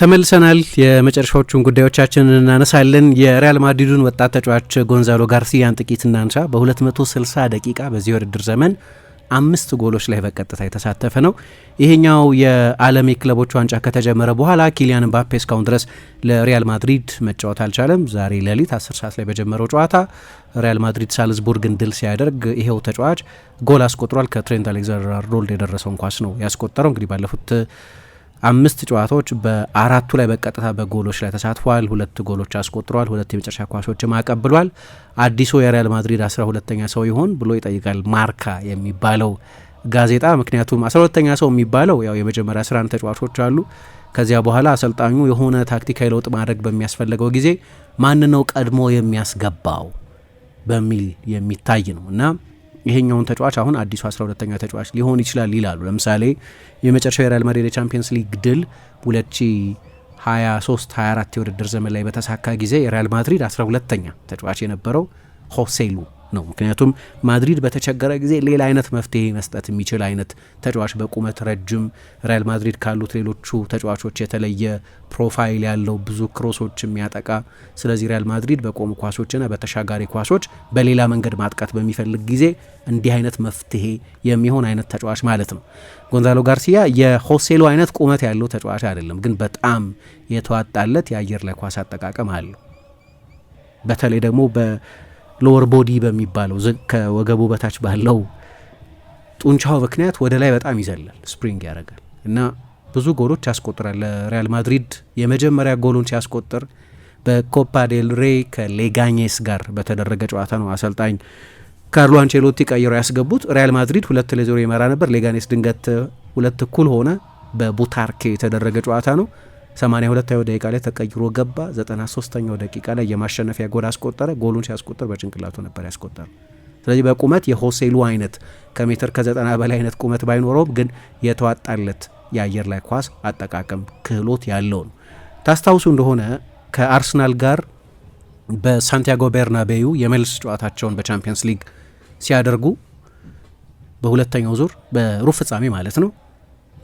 ተመልሰናል። የመጨረሻዎቹን ጉዳዮቻችንን እናነሳለን። የሪያል ማድሪዱን ወጣት ተጫዋች ጎንዛሎ ጋርሲያን ጥቂት እናንሳ። በ260 ደቂቃ በዚህ ውድድር ዘመን አምስት ጎሎች ላይ በቀጥታ የተሳተፈ ነው። ይሄኛው የዓለም የክለቦች ዋንጫ ከተጀመረ በኋላ ኪሊያን ምባፔ እስካሁን ድረስ ለሪያል ማድሪድ መጫወት አልቻለም። ዛሬ ሌሊት 10 ሰዓት ላይ በጀመረው ጨዋታ ሪያል ማድሪድ ሳልዝቡርግን ድል ሲያደርግ ይሄው ተጫዋች ጎል አስቆጥሯል። ከትሬንት አሌክዛንደር አርኖልድ የደረሰውን ኳስ ነው ያስቆጠረው። እንግዲህ ባለፉት አምስት ጨዋታዎች በአራቱ ላይ በቀጥታ በጎሎች ላይ ተሳትፏል። ሁለት ጎሎች አስቆጥሯል። ሁለት የመጨረሻ ኳሶችም አቀብሏል። አዲሱ የሪያል ማድሪድ አስራ ሁለተኛ ሰው ይሆን ብሎ ይጠይቃል ማርካ የሚባለው ጋዜጣ። ምክንያቱም አስራ ሁለተኛ ሰው የሚባለው ያው የመጀመሪያ 11 ተጫዋቾች አሉ። ከዚያ በኋላ አሰልጣኙ የሆነ ታክቲካዊ ለውጥ ማድረግ በሚያስፈልገው ጊዜ ማን ነው ቀድሞ የሚያስገባው በሚል የሚታይ ነው እና ይሄኛውን ተጫዋች አሁን አዲሱ 12ተኛ ተጫዋች ሊሆን ይችላል ይላሉ። ለምሳሌ የመጨረሻው የሪያል ማድሪድ የቻምፒየንስ ሊግ ድል 2023 24 የውድድር ዘመን ላይ በተሳካ ጊዜ የሪያል ማድሪድ 12ተኛ ተጫዋች የነበረው ሆሴሉ ነው። ምክንያቱም ማድሪድ በተቸገረ ጊዜ ሌላ አይነት መፍትሄ መስጠት የሚችል አይነት ተጫዋች በቁመት ረጅም፣ ሪያል ማድሪድ ካሉት ሌሎቹ ተጫዋቾች የተለየ ፕሮፋይል ያለው ብዙ ክሮሶች የሚያጠቃ ስለዚህ ሪያል ማድሪድ በቆሙ ኳሶችና በተሻጋሪ ኳሶች በሌላ መንገድ ማጥቃት በሚፈልግ ጊዜ እንዲህ አይነት መፍትሄ የሚሆን አይነት ተጫዋች ማለት ነው። ጎንዛሎ ጋርሲያ የሆሴሎ አይነት ቁመት ያለው ተጫዋች አይደለም፣ ግን በጣም የተዋጣለት የአየር ላይ ኳስ አጠቃቀም አለው። በተለይ ደግሞ ሎወር ቦዲ በሚባለው ከወገቡ በታች ባለው ጡንቻው ምክንያት ወደ ላይ በጣም ይዘላል፣ ስፕሪንግ ያደርጋል እና ብዙ ጎሎች ያስቆጥራል። ለሪያል ማድሪድ የመጀመሪያ ጎሉን ሲያስቆጥር በኮፓ ዴል ሬይ ከሌጋኔስ ጋር በተደረገ ጨዋታ ነው። አሰልጣኝ ካርሎ አንቼሎቲ ቀይረው ያስገቡት። ሪያል ማድሪድ ሁለት ለዜሮ ይመራ ነበር። ሌጋኔስ ድንገት ሁለት እኩል ሆነ። በቡታርኬ የተደረገ ጨዋታ ነው። 82ኛው ደቂቃ ላይ ተቀይሮ ገባ። 93ኛው ደቂቃ ላይ የማሸነፊያ ጎል አስቆጠረ። ጎሉን ሲያስቆጠር በጭንቅላቱ ነበር ያስቆጠረ። ስለዚህ በቁመት የሆሴሉ አይነት ከሜትር ከ90 በላይ አይነት ቁመት ባይኖረውም ግን የተዋጣለት የአየር ላይ ኳስ አጠቃቀም ክህሎት ያለው ነው። ታስታውሱ እንደሆነ ከአርሰናል ጋር በሳንቲያጎ ቤርናቤዩ የመልስ ጨዋታቸውን በቻምፒየንስ ሊግ ሲያደርጉ በሁለተኛው ዙር በሩብ ፍጻሜ ማለት ነው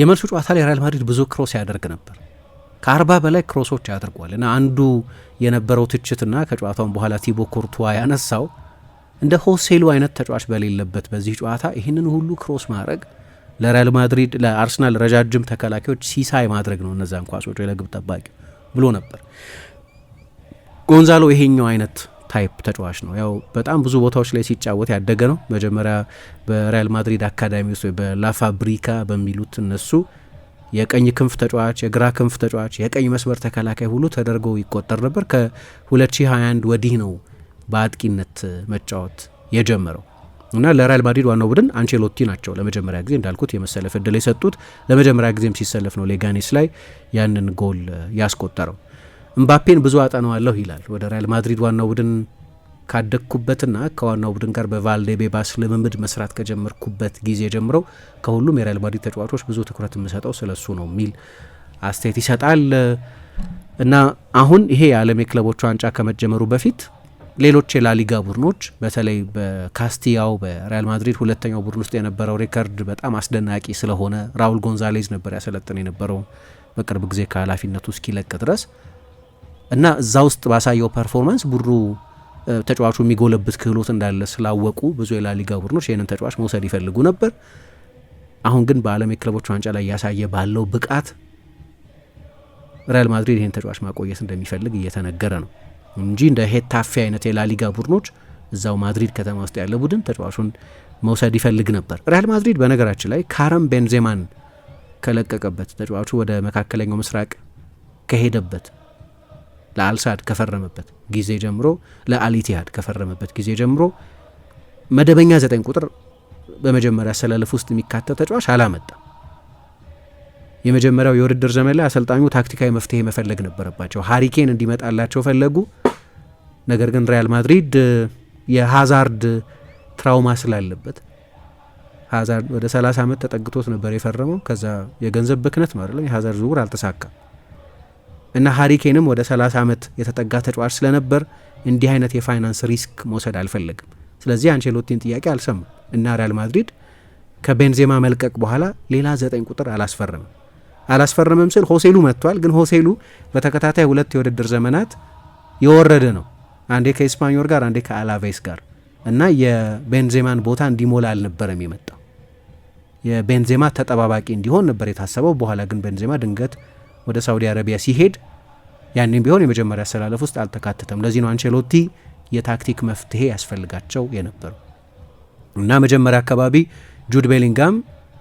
የመልሱ ጨዋታ ላይ ሪያል ማድሪድ ብዙ ክሮስ ያደርግ ነበር። ከአርባ በላይ ክሮሶች አድርጓል እና አንዱ የነበረው ትችትና ከጨዋታውን በኋላ ቲቦ ኩርቱዋ ያነሳው እንደ ሆሴሉ አይነት ተጫዋች በሌለበት በዚህ ጨዋታ ይህንን ሁሉ ክሮስ ማድረግ ለሪያል ማድሪድ ለአርሰናል ረጃጅም ተከላካዮች ሲሳይ ማድረግ ነው እነዛን ኳሶች ለግብ ጠባቂ ብሎ ነበር። ጎንዛሎ ይሄኛው አይነት ታይፕ ተጫዋች ነው። ያው በጣም ብዙ ቦታዎች ላይ ሲጫወት ያደገ ነው። መጀመሪያ በሪያል ማድሪድ አካዳሚ ውስጥ ወይ በላፋብሪካ በሚሉት እነሱ የቀኝ ክንፍ ተጫዋች፣ የግራ ክንፍ ተጫዋች፣ የቀኝ መስመር ተከላካይ ሁሉ ተደርጎ ይቆጠር ነበር። ከ2021 ወዲህ ነው በአጥቂነት መጫወት የጀመረው እና ለሪያል ማድሪድ ዋናው ቡድን አንቸሎቲ ናቸው ለመጀመሪያ ጊዜ እንዳልኩት የመሰለፍ እድል የሰጡት። ለመጀመሪያ ጊዜም ሲሰለፍ ነው ሌጋኔስ ላይ ያንን ጎል ያስቆጠረው። እምባፔን ብዙ አጠነዋለሁ ይላል። ወደ ሪያል ማድሪድ ዋናው ቡድን ካደግኩበትና ከዋናው ቡድን ጋር በቫልዴቤባስ ልምምድ መስራት ከጀመርኩበት ጊዜ ጀምሮ ከሁሉም የሪያል ማድሪድ ተጫዋቾች ብዙ ትኩረት የምሰጠው ስለሱ ነው የሚል አስተያየት ይሰጣል። እና አሁን ይሄ የዓለም የክለቦች ዋንጫ ከመጀመሩ በፊት ሌሎች የላሊጋ ቡድኖች በተለይ በካስቲያው በሪያል ማድሪድ ሁለተኛው ቡድን ውስጥ የነበረው ሬከርድ በጣም አስደናቂ ስለሆነ ራውል ጎንዛሌዝ ነበር ያሰለጥን የነበረው በቅርብ ጊዜ ከኃላፊነቱ እስኪለቅ ድረስ እና እዛ ውስጥ ባሳየው ፐርፎርማንስ ቡድኑ ተጫዋቹ የሚጎለብት ክህሎት እንዳለ ስላወቁ ብዙ የላሊጋ ቡድኖች ይህንን ተጫዋች መውሰድ ይፈልጉ ነበር። አሁን ግን በዓለም የክለቦች ዋንጫ ላይ እያሳየ ባለው ብቃት ሪያል ማድሪድ ይህን ተጫዋች ማቆየት እንደሚፈልግ እየተነገረ ነው እንጂ እንደ ሄታፌ አይነት የላሊጋ ቡድኖች እዛው ማድሪድ ከተማ ውስጥ ያለ ቡድን ተጫዋቹን መውሰድ ይፈልግ ነበር። ሪያል ማድሪድ በነገራችን ላይ ካረም ቤንዜማን ከለቀቀበት ተጫዋቹ ወደ መካከለኛው ምስራቅ ከሄደበት ለአልሳድ ከፈረመበት ጊዜ ጀምሮ ለአሊቲያድ ከፈረመበት ጊዜ ጀምሮ መደበኛ ዘጠኝ ቁጥር በመጀመሪያ አሰላለፍ ውስጥ የሚካተት ተጫዋች አላመጣም። የመጀመሪያው የውድድር ዘመን ላይ አሰልጣኙ ታክቲካዊ መፍትሄ መፈለግ ነበረባቸው። ሀሪኬን እንዲመጣላቸው ፈለጉ። ነገር ግን ሪያል ማድሪድ የሃዛርድ ትራውማ ስላለበት ሃዛርድ ወደ 30 ዓመት ተጠግቶት ነበር የፈረመው። ከዛ የገንዘብ ብክነት ነው አይደለም፣ የሃዛርድ ዝውውር አልተሳካም። እና ሀሪኬንም ወደ 30 ዓመት የተጠጋ ተጫዋች ስለነበር እንዲህ አይነት የፋይናንስ ሪስክ መውሰድ አልፈለግም። ስለዚህ አንቸሎቲን ጥያቄ አልሰሙም እና ሪያል ማድሪድ ከቤንዜማ መልቀቅ በኋላ ሌላ ዘጠኝ ቁጥር አላስፈረምም። አላስፈረምም ስል ሆሴሉ መጥቷል፣ ግን ሆሴሉ በተከታታይ ሁለት የውድድር ዘመናት የወረደ ነው። አንዴ ከኤስፓኞል ጋር፣ አንዴ ከአላቬስ ጋር እና የቤንዜማን ቦታ እንዲሞላ አልነበረም የመጣው የቤንዜማ ተጠባባቂ እንዲሆን ነበር የታሰበው። በኋላ ግን ቤንዜማ ድንገት ወደ ሳውዲ አረቢያ ሲሄድ ያንም ቢሆን የመጀመሪያ አሰላለፍ ውስጥ አልተካተተም። ለዚህ ነው አንቸሎቲ የታክቲክ መፍትሄ ያስፈልጋቸው የነበሩ እና መጀመሪያ አካባቢ ጁድ ቤሊንጋም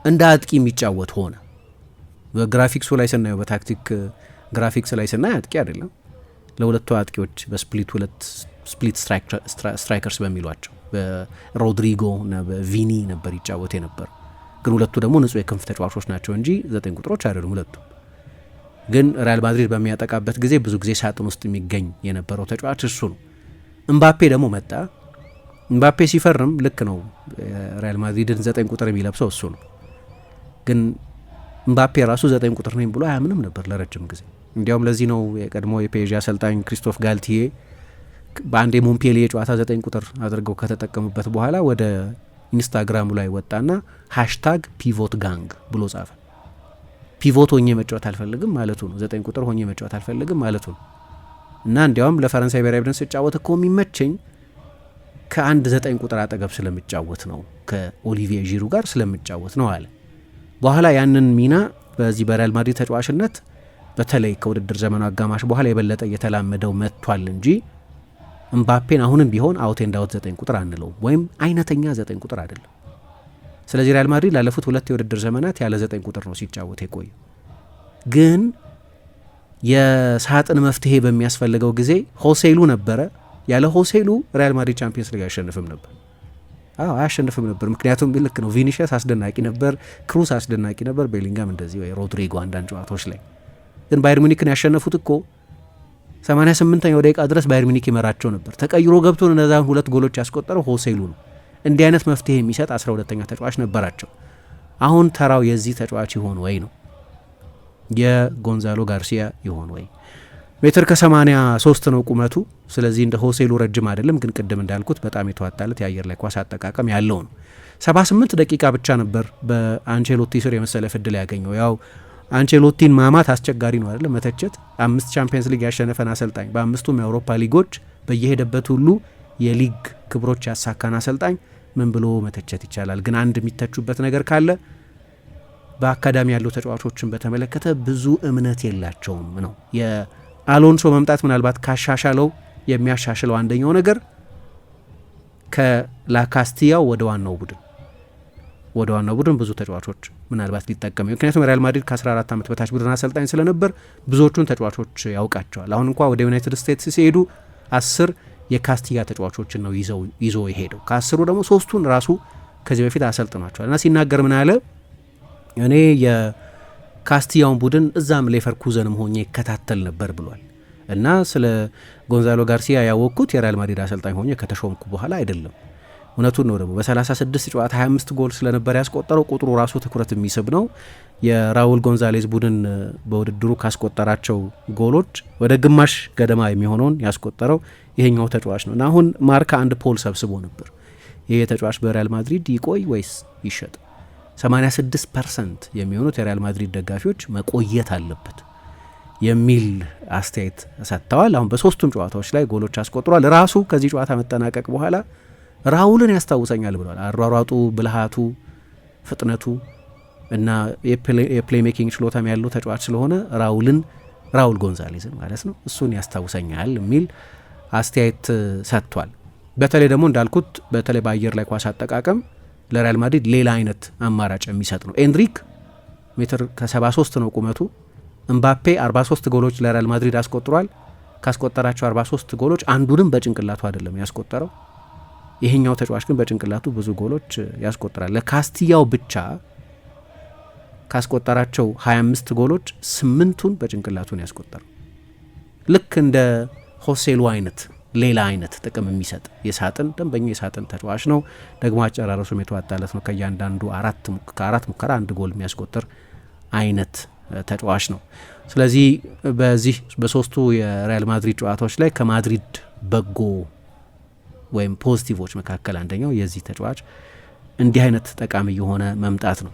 እንደ አጥቂ የሚጫወት ሆነ። በግራፊክሱ ላይ ስናየው በታክቲክ ግራፊክስ ላይ ስናይ አጥቂ አይደለም። ለሁለቱ አጥቂዎች በስፕሊት ሁለት ስፕሊት ስትራይከርስ በሚሏቸው በሮድሪጎ እና በቪኒ ነበር ይጫወት የነበረው። ግን ሁለቱ ደግሞ ንጹህ የክንፍ ተጫዋቾች ናቸው እንጂ ዘጠኝ ቁጥሮች አይደሉም ሁለቱም። ግን ሪያል ማድሪድ በሚያጠቃበት ጊዜ ብዙ ጊዜ ሳጥን ውስጥ የሚገኝ የነበረው ተጫዋች እሱ ነው። እምባፔ ደግሞ መጣ። እምባፔ ሲፈርም ልክ ነው ሪያል ማድሪድን ዘጠኝ ቁጥር የሚለብሰው እሱ ነው። ግን እምባፔ ራሱ ዘጠኝ ቁጥር ነኝ ብሎ አያምንም ነበር ለረጅም ጊዜ። እንዲያውም ለዚህ ነው የቀድሞ የፔዥ አሰልጣኝ ክሪስቶፍ ጋልቲዬ በአንድ የሞንፔሊየ ጨዋታ ዘጠኝ ቁጥር አድርገው ከተጠቀሙበት በኋላ ወደ ኢንስታግራሙ ላይ ወጣና ሃሽታግ ፒቮት ጋንግ ብሎ ጻፈ። ፒቮት ሆኜ መጫወት አልፈልግም ማለቱ ነው። ዘጠኝ ቁጥር ሆኜ መጫወት አልፈልግም ማለቱ ነው እና እንዲያውም ለፈረንሳይ ብሔራዊ ቡድን ስጫወት እኮ የሚመቸኝ ከአንድ ዘጠኝ ቁጥር አጠገብ ስለምጫወት ነው፣ ከኦሊቪየ ዢሩ ጋር ስለምጫወት ነው አለ። በኋላ ያንን ሚና በዚህ በሪያል ማድሪድ ተጫዋችነት በተለይ ከውድድር ዘመኑ አጋማሽ በኋላ የበለጠ እየተላመደው መጥቷል እንጂ እምባፔን አሁንም ቢሆን አውቴ እንዳወት ዘጠኝ ቁጥር አንለውም ወይም አይነተኛ ዘጠኝ ቁጥር አይደለም። ስለዚህ ሪያል ማድሪድ ላለፉት ሁለት የውድድር ዘመናት ያለ ዘጠኝ ቁጥር ነው ሲጫወት የቆየ ግን የሳጥን መፍትሄ በሚያስፈልገው ጊዜ ሆሴሉ ነበረ። ያለ ሆሴሉ ሪያል ማድሪድ ቻምፒየንስ ሊግ አያሸንፍም ነበር። አዎ አያሸንፍም ነበር። ምክንያቱም ልክ ነው። ቪኒሽስ አስደናቂ ነበር፣ ክሩስ አስደናቂ ነበር፣ ቤሊንጋም እንደዚህ ወይ ሮድሪጎ አንዳንድ ጨዋታዎች ላይ ግን ባየር ሙኒክን ያሸነፉት እኮ 88ኛው ደቂቃ ድረስ ባየር ሚኒክ ይመራቸው ነበር። ተቀይሮ ገብቶ እነዛን ሁለት ጎሎች ያስቆጠረው ሆሴሉ ነው። እንዲህ አይነት መፍትሄ የሚሰጥ አስራ ሁለተኛ ተጫዋች ነበራቸው። አሁን ተራው የዚህ ተጫዋች ይሆን ወይ ነው የጎንዛሎ ጋርሲያ ይሆን ወይ? ሜትር ከ83 ነው ቁመቱ። ስለዚህ እንደ ሆሴሉ ረጅም አይደለም፣ ግን ቅድም እንዳልኩት በጣም የተዋጣለት የአየር ላይ ኳስ አጠቃቀም ያለው ነው። 78 ደቂቃ ብቻ ነበር በአንቸሎቲ ስር የመሰለፍ እድል ያገኘው። ያው አንቸሎቲን ማማት አስቸጋሪ ነው አይደለም መተቸት። አምስት ቻምፒየንስ ሊግ ያሸነፈን አሰልጣኝ በአምስቱም የአውሮፓ ሊጎች በየሄደበት ሁሉ የሊግ ክብሮች ያሳካን አሰልጣኝ ምን ብሎ መተቸት ይቻላል? ግን አንድ የሚተቹበት ነገር ካለ በአካዳሚ ያለው ተጫዋቾችን በተመለከተ ብዙ እምነት የላቸውም ነው። የአሎንሶ መምጣት ምናልባት ካሻሻለው የሚያሻሽለው አንደኛው ነገር ከላካስቲያው ወደ ዋናው ቡድን ወደ ዋናው ቡድን ብዙ ተጫዋቾች ምናልባት ሊጠቀሙ ምክንያቱም ሪያል ማድሪድ ከ14 ዓመት በታች ቡድን አሰልጣኝ ስለነበር ብዙዎቹን ተጫዋቾች ያውቃቸዋል። አሁን እንኳ ወደ ዩናይትድ ስቴትስ ሲሄዱ አስር የካስቲያ ተጫዋቾችን ነው ይዞ የሄደው። ከአስሩ ደግሞ ሶስቱን ራሱ ከዚህ በፊት አሰልጥኗቸዋል እና ሲናገር ምን አለ? እኔ የካስቲያውን ቡድን እዛም ሌቨርኩዘንም ሆኜ ይከታተል ነበር ብሏል። እና ስለ ጎንዛሎ ጋርሲያ ያወቅኩት የሪያል ማድሪድ አሰልጣኝ ሆኜ ከተሾምኩ በኋላ አይደለም። እውነቱን ነው ደግሞ በ36 ጨዋታ 25 ጎል ስለነበር ያስቆጠረው ቁጥሩ ራሱ ትኩረት የሚስብ ነው። የራውል ጎንዛሌዝ ቡድን በውድድሩ ካስቆጠራቸው ጎሎች ወደ ግማሽ ገደማ የሚሆነውን ያስቆጠረው ይሄኛው ተጫዋች ነው እና አሁን ማርካ አንድ ፖል ሰብስቦ ነበር። ይሄ ተጫዋች በሪያል ማድሪድ ይቆይ ወይስ ይሸጥ? 86 ፐርሰንት የሚሆኑት የሪያል ማድሪድ ደጋፊዎች መቆየት አለበት የሚል አስተያየት ሰጥተዋል። አሁን በሶስቱም ጨዋታዎች ላይ ጎሎች አስቆጥሯል። ራሱ ከዚህ ጨዋታ መጠናቀቅ በኋላ ራውልን ያስታውሰኛል ብለዋል። አሯሯጡ፣ ብልሃቱ፣ ፍጥነቱ እና የፕሌሜኪንግ ችሎታም ያለው ተጫዋች ስለሆነ ራውልን ራውል ጎንዛሌዝን ማለት ነው እሱን ያስታውሰኛል የሚል አስተያየት ሰጥቷል። በተለይ ደግሞ እንዳልኩት በተለይ በአየር ላይ ኳስ አጠቃቀም ለሪያል ማድሪድ ሌላ አይነት አማራጭ የሚሰጥ ነው። ኤንድሪክ ሜትር ከ73 ነው ቁመቱ። እምባፔ 43 ጎሎች ለሪያል ማድሪድ አስቆጥሯል። ካስቆጠራቸው 43 ጎሎች አንዱንም በጭንቅላቱ አይደለም ያስቆጠረው። ይሄኛው ተጫዋች ግን በጭንቅላቱ ብዙ ጎሎች ያስቆጥራል። ለካስቲያው ብቻ ካስቆጠራቸው 25 ጎሎች ስምንቱን በጭንቅላቱን ያስቆጠሩ ልክ እንደ ሆሴሉ አይነት ሌላ አይነት ጥቅም የሚሰጥ የሳጥን ደንበኛ የሳጥን ተጫዋች ነው። ደግሞ አጨራረሱም የተዋጣለት ነው። ከእያንዳንዱ ከአራት ሙከራ አንድ ጎል የሚያስቆጥር አይነት ተጫዋች ነው። ስለዚህ በዚህ በሶስቱ የሪያል ማድሪድ ጨዋታዎች ላይ ከማድሪድ በጎ ወይም ፖዚቲቮች መካከል አንደኛው የዚህ ተጫዋች እንዲህ አይነት ጠቃሚ የሆነ መምጣት ነው።